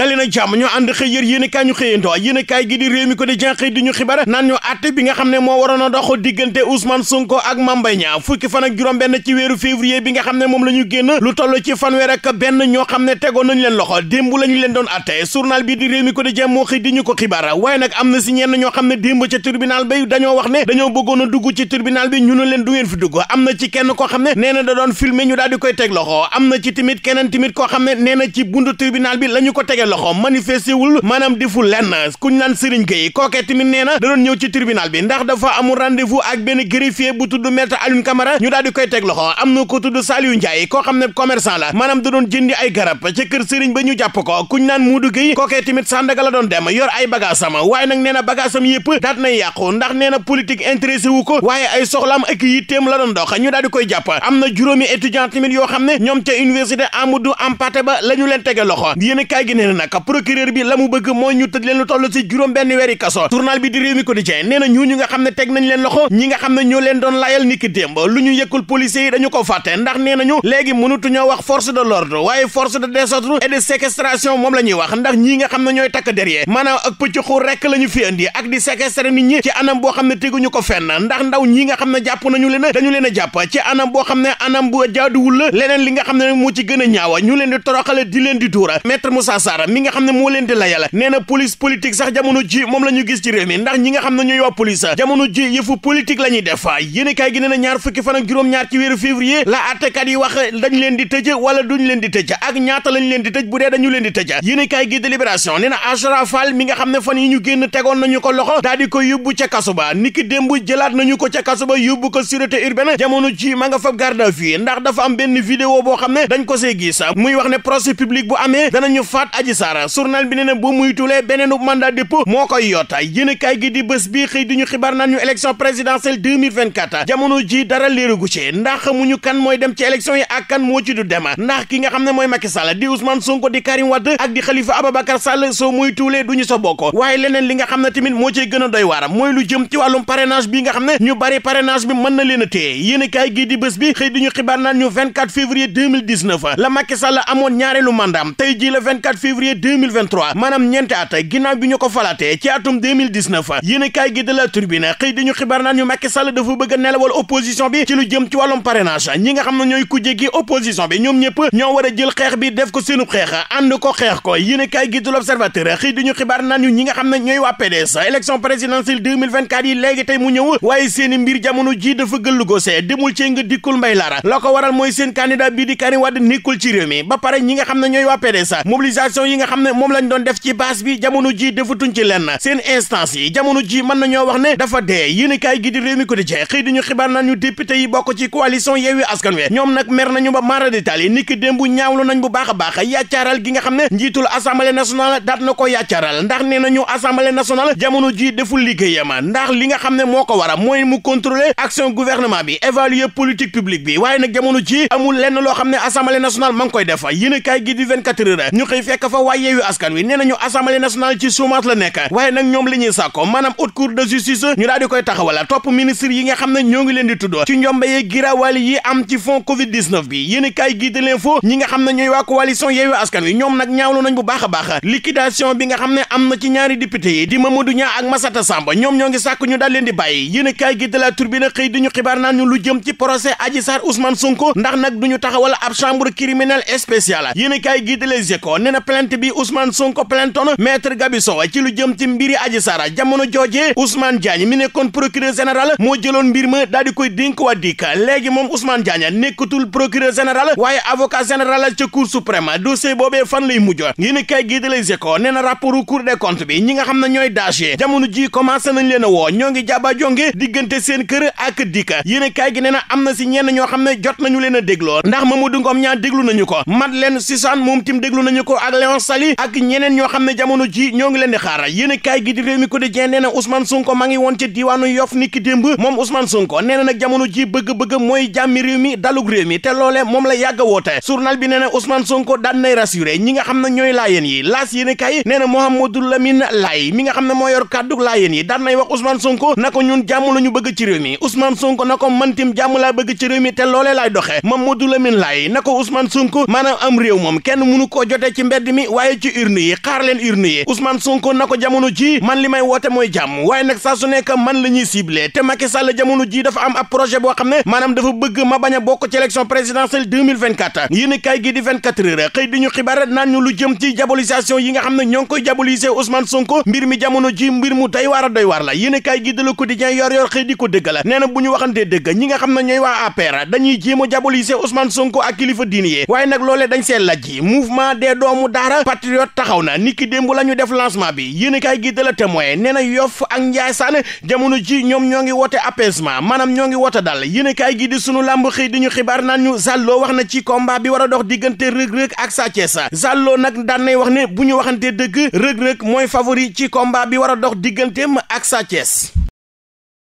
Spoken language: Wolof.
dali na jàmm ñoo ànd xëy yër yéen ñu xëyandoo yéen i gi di réew mi ko di jenxëy di ñu xibaar naan ñu àtte bi nga xam ne a dox diggante Ousmane Sonko ak Mame Mbaye Niang fukki fan ak juróom benn ci weeru février bi nga xam ne moom la ñu génn lu toll ci fanweer ak benn ñoo xam ne tegoon nañu leen loxo démb la ñu leen doon àtte journal bi di réew mi ko di moo xëy di ñu ko xibaar waaye nag am na si ñenn ñoo xam ne démb ca tribunal bi dañoo wax ne dañoo bëggoon a dugg ci tribunal bi ñu ne leen du ngeen fi dugg am na koo xam ne nee ko tege loxo manifesté wul maanaam deful lenn kuñ naan Serigne Gueye kookee tamit nee na da doon ñëw ci tribunal bi ndax dafa amul rendez-vous ak benn greffier bu tudd maître Alioune Camara ñu daal di koy teg loxo am na ko tudd Saliou Ndiaye koo xam ne commerçant la maanaam da doon jëndi ay garab ca kër Serigne ba ñu jàpp ko kuñ naan Moudou Gueye kookee tamit Sandaga la doon dem yor ay bagaasam waaye nag nee na bagaasam yëpp daat nay yàqu ndax nee na politique intéressé wu ko waaye ay soxlaam ak yitteem la doon dox ñu daal di koy jàpp am na juróomi étudiant tamit yoo xam ne ñoom ca université Amadou leen tege loxo yéen a kaay gi nee nag procureur bi la mu bëgg mooy ñu tëj leen lu toll ci juróom benn weeri kaso journal bi di réew mi quotidien nee na ñooñu nga xam ne teg nañ leen loxo ñi nga xam ne ñoo leen doon layal niki démb lu ñu yëkkul policiers yi dañu ko fàtte ndax moom la wax ndax ñi nga xam ne ñooy takk derrière maanaam ak pëccxu rekk la ñu fi andi ak di séquestrer nit ñi ci anam boo xam ne teguñu ko fenn ndax ndaw ñi nga xam ne jàpp nañu leen dañu leen a jàpp ci anam a Sarr mi nga xam ne moo leen di layal nee na police politique sax jamono ji moom la ñu gis ci réew mi ndax ñi nga xam ne ñooy waa police jamono ji yëfu politique la ñuy def yéene gi nee ñaar fukki fan juróom-ñaar ci weeru février la àttekat yi wax dañ leen di tëj wala duñ leen di tëj ak ñaata lañ leen di tëj bu dee dañu leen di tëj yéene kaay gi délibération nee na Achara Fall mi nga xam ne fan yi ñu génn tegoon nañu ko loxo daal di ko yóbbu ca kaso ba ko ca kaso ba yóbbu ko sûreté urbaine dafa am benn vidéo boo xam ne dañ ko see gis muy wax ne procès public amee danañu Adji Sarr journal bi nee na boo muy tulee beneen mandat dépôt moo koy yotta yéen kaay gi di bés bi xëy di ñu xibaar naan ñu élection présidentielle 2024 jamono ji dara léerugu ci ndax xamuñu kan mooy dem ci élection yi ak kan moo ci du dem ndax ki nga xam ne mooy Macky Sall di Ousmane Sonko di Karim Wade ak di Khalifa Ababacar Sall soo muy tulee duñu sa bokk waaye leneen li nga xam ne tamit moo ciy gën a doy waaram mooy lu jëm ci wàllum a février 2023 maanaam ñeenti bi ñu ko falaatee ci atum 2019 yéen a la Tribune xëy ñu xibaar naan ñu Macky Sall dafa bëgg a nelawal opposition bi ci lu jëm ci wàllum parrainage ñi nga xam ne ñooy kujje gi opposition bi ñoom ñëpp ñoo war jël xeex bi def ko seenub xeex ànd ko xeex ko yéen a kaay gi de ñu xibaar naan ñu ñi xam ne ñooy waa PDS élection présidentielle 2024 yi léegi tey mu ñëw waaye seeni mbir jamono ji dafa gëllugosee demul cee nga dikkul yi nga xam ne moom lañ doon def ci base bi jamono ji defatuñ ci lenn seen yi jamono ji mën nañoo wax ne dafa dee yéen kaay gi di réew ko di jeex xëy diñu xibaar naan ñu député bokk ci coalition Yewwi Askan Wi ñoom nag mer nañu ba mara détail yi niki démb ñaawlu nañ bu baax baax yàccaaral gi nga xam ne njiitul assemblée nationale daat na ko yàccaaral ndax nee nañu assemblée nationale jamono ji deful liggéeyam ndax li nga xam ne moo ko war a mooy mu contrôler action gouvernement bi évaluer politique publique bi waaye na jamono ji amul lenn loo xam ne assemblée nationale ma ngi koy def yéen kaay gi di 24 ñu xëy fekk ko waa yeewu askan wi nee nañu assemblée nationale ci chômage la nekk waaye nag ñoom li ñuy sàkko maanaam haute cour de justice ñu daal koy taxawala topp ministre yi nga xam ne ñoo ngi leen di tudd ci njombe yi giraawali yi am ci fond covid 19 bi yéen i kaay gii di ñi nga xam ne ñooy waa coalition yeewu askan wi ñoom nag ñaawlu nañ bu baax a baax bi nga xam na ci ñaari député yi di Mamadou Niang ñoom ñoo ngi ñu daal leen di bàyyi yéen i kaay gi de xëy di plainte bi Ousmane Sonko plainton maître Gabi Sow ci lu jëm ci mbiri Adji Sarr jamono jooje Ousmane Diagne mi nekkoon procureur général moo jëloon mbir ma daal di koy dénk waa dikk léegi moom Ousmane Diagne nekkatul procureur général waaye avocat général ca cour suprême dossier boobee fan lay mujj yéen a kay gii di Les Échos nee na rapportu cour des comptes bi ñi nga xam ne ñooy daje jamono ji commencé nañ leen a woo ñoo ngi jàba jonge diggante seen kër ak dikk yéen gi nee na am na si ñenn ñoo xam ne jot nañu leen a dégloo ndax Mamadou Ngom ñaa déglu nañu ko Madeleine Sissane moom tim déglu nañu ko Sall ak ñeneen ñoo xam ne jamono ji ñoo ngi leen di xaar yéen kaay gi di réew mi ko di jeen nee na Ousmane Sonko ma ngi woon ci diiwaanu Yoff ni ki démb moom Ousmane Sonko nee na nag jamono ji bëgg-bëgg mooy jàmmi réew mi dalug réew te loole moom la yàgg a woote journal bi nee usman Ousmane Sonko daan nay rassuré ñi nga xam ne ñooy laayeen yi laas yéen kaay nee na Mouhamadou Lamine lay mi nga xam ne moo yor kàddu laayeen yi daan nay wax Ousmane Sonko na ko ñun jàmm la ñu bëgg ci réew mi Ousmane Sonko na ko mantim jàmm laa bëgg ci réew mi te loolee laay doxee Mouhamadou Lamine Laye na ko Ousmane Sonko maanaam am moom kenn mënu koo jotee ci mbedd mi waaye ci urne yi xaar leen urne yi Ousmane Sonko na ko jamono ji man li may woote mooy jàmm waaye nag saa su nekk man la ñuy ciblé te Macky Sall jamono ji dafa am a projet boo xam ne maanaam dafa bëgg ma bañ a bokk ci élection présidentielle 2024 yéen kay gi di 24 heures xëy di ñu xibaar naan ñu lu jëm ci diabolisation yi nga xam ne ñoo ngi koy diaboliser Ousmane Sonko mbir mi jamono ji mbir mu doy waar a doy waar la yéen kay gi de Le Quotidien yor yor di ko dëgg la nee bu ñu waxantee dëgg nga xam ne ñooy waa APR dañuy jéem a diaboliser Ousmane Sonko ak nag loolee dañ seen lajji mouvement des doomu Daara patriote taxaw na niki démb la ñu def lancement bi yéenekaay gi de la témoin nee na Yoff ak Njaasaan jamono ji ñoom ñoo ngi woote apaisement maanaam ñoo ngi woote dal yéenekaay gi di sunu làmb xëy di ñu xibaar naan ñu Zallo wax na ci combat bi war a dox diggante rëg-rëg ak Sa Thiès nag daan nay wax ne bu ñu waxante dëgg rëg-rëg mooy favori ci combat bi war a dox digganteem ak Sa